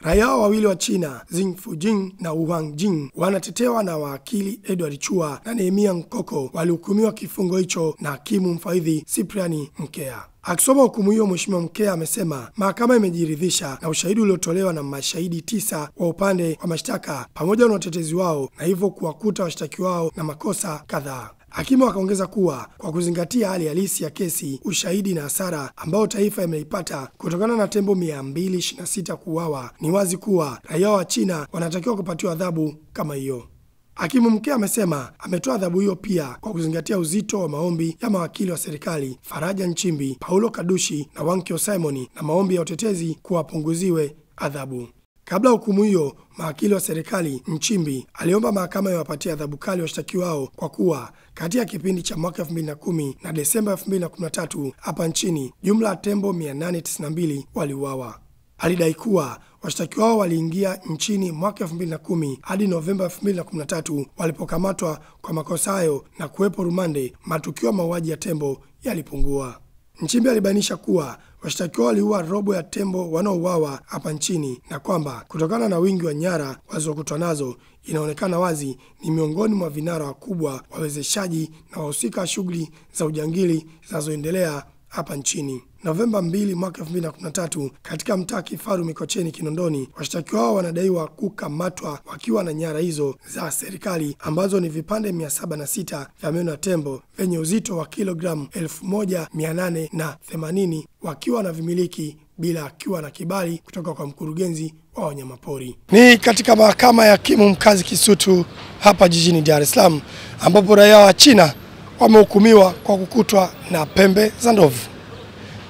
Raia wawili wa China Xing Fujing na Wang Jing wanatetewa na waakili Edward Chua na Nehemia Nkoko walihukumiwa kifungo hicho na hakimu mfaidhi Cyprian Mkea. Akisoma hukumu hiyo, Mheshimiwa Mkea amesema mahakama imejiridhisha na ushahidi uliotolewa na mashahidi tisa wa upande wa mashtaka pamoja na watetezi wao na hivyo kuwakuta washtakiwa wao na makosa kadhaa. Hakimu akaongeza kuwa kwa kuzingatia hali halisi ya kesi, ushahidi na hasara ambayo taifa imeipata kutokana na tembo 226 kuuawa, ni wazi kuwa raia wa China wanatakiwa kupatiwa adhabu kama hiyo. Hakimu mke amesema ametoa adhabu hiyo pia kwa kuzingatia uzito wa maombi ya mawakili wa serikali Faraja Nchimbi, Paulo Kadushi na Wankio Simoni na maombi ya utetezi kuwapunguziwe adhabu. Kabla ya hukumu hiyo, mawakili wa serikali Nchimbi aliomba mahakama iwapatie adhabu kali washtakiwao kwa kuwa kati ya kipindi cha mwaka 2010 na Desemba 2013 hapa nchini jumla ya tembo 892 waliuawa. Alidai kuwa washtakiwao waliingia nchini mwaka 2010 hadi Novemba 2013 walipokamatwa kwa makosa hayo na kuwepo rumande, matukio ya mauaji ya tembo yalipungua. Nchimbi alibainisha kuwa washtakiwa waliua robo ya tembo wanaouawa hapa nchini na kwamba kutokana na wingi wa nyara walizokutwa nazo inaonekana wazi ni miongoni mwa vinara wakubwa wawezeshaji na wahusika shughuli za ujangili zinazoendelea hapa nchini. Novemba 2 mwaka 2013 katika mtaa Kifaru Mikocheni Kinondoni. Washtakiwa hao wanadaiwa kukamatwa wakiwa na nyara hizo za serikali ambazo ni vipande 706 vya meno ya tembo vyenye uzito wa kilogramu 1880 wakiwa na vimiliki bila akiwa na kibali kutoka kwa mkurugenzi wa wanyamapori. Ni katika mahakama ya Kimu mkazi Kisutu hapa jijini Dar es Salaam ambapo raia wa China wamehukumiwa kwa kukutwa na pembe za ndovu.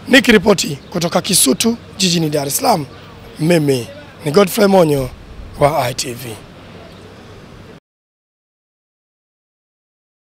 Nikiripoti kutoka Kisutu jijini Dar es Salaam, mimi ni Godfrey Monyo wa ITV.